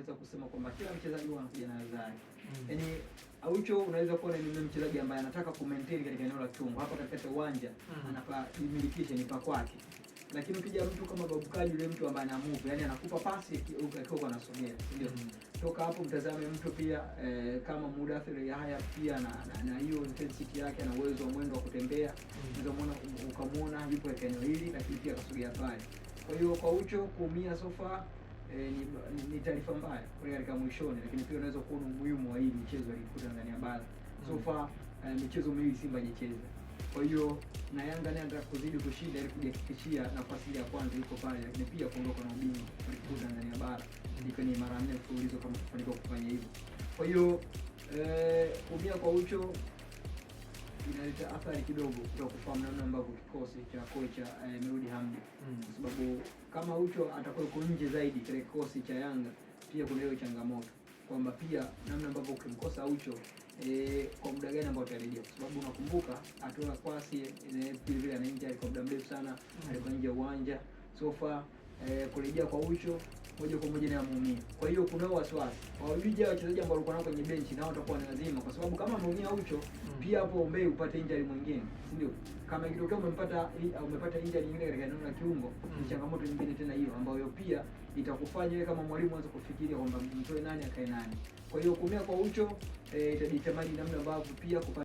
unaweza kusema kwamba kila mchezaji huwa anakuja na ladha yake. Yaani Aucho unaweza kuona ni mchezaji ambaye anataka ku maintain katika eneo la kiungo hapa katika uwanja mm. imilikishe ni pa kwake. Lakini ukija mtu kama Babu Kaji yule mtu ambaye anamove, yani anakupa pasi akiwa anasogea, si ndio? Mm. Toka hapo mtazame mtu pia e, kama Mudathir Yahya pia na na hiyo intensity yake na uwezo wa mwendo wa kutembea. Mm. Unaweza mm. muona ukamwona yupo katika eneo hili lakini pia kasogea pale. Kwa hiyo kwa Ucho kuumia so far eh, ni, ni taarifa mbaya kule katika mwishoni, lakini pia unaweza kuona umuhimu wa hii michezo ya ligi Tanzania bara so mm. far eh, michezo miwili Simba hajacheza. Kwa hiyo na Yanga naye anataka kuzidi kushinda ili kujihakikishia nafasi ya kwanza iko pale, lakini pia kuondoka na ubingwa wa ligi Tanzania bara, ndiko ni mara nne mfululizo kama kufanikiwa kufanya hivyo. Kwa hiyo eh, umia kwa ucho imeleta athari kidogo kutoka namna ambavyo kikosi cha kocha eh, Merudi Hamdi mm. kwa sababu kama Ucho atakuwa yuko nje zaidi kile kikosi cha Yanga, pia kuna hiyo changamoto kwamba pia namna ambavyo ukimkosa Ucho eh, kwa muda gani ambao utarejea, kwa sababu unakumbuka hatua kwasi vile eh, vile anaingia kwa muda mrefu sana, mm. alikuwa nje ya uwanja sofa eh, kurejea kwa Ucho moja kwa moja naye ameumia. Kwa hiyo kunao wasiwasi wawili wachezaji ambao walikuwa nao kwenye benchi nao watakuwa ni lazima, kwa sababu kama ameumia Ucho mm. pia hapo umbei upate injury mwingine, si ndio? Kama ikitokea umempata umepata injury nyingine katika eneo la kiungo mm. ni changamoto nyingine tena hiyo, ambayo pia itakufanya wewe kama mwalimu anza kufikiria kwamba mtoe nani akae nani. Kwa hiyo kuumia kwa Ucho eh, itajitamani namna ambavyo pia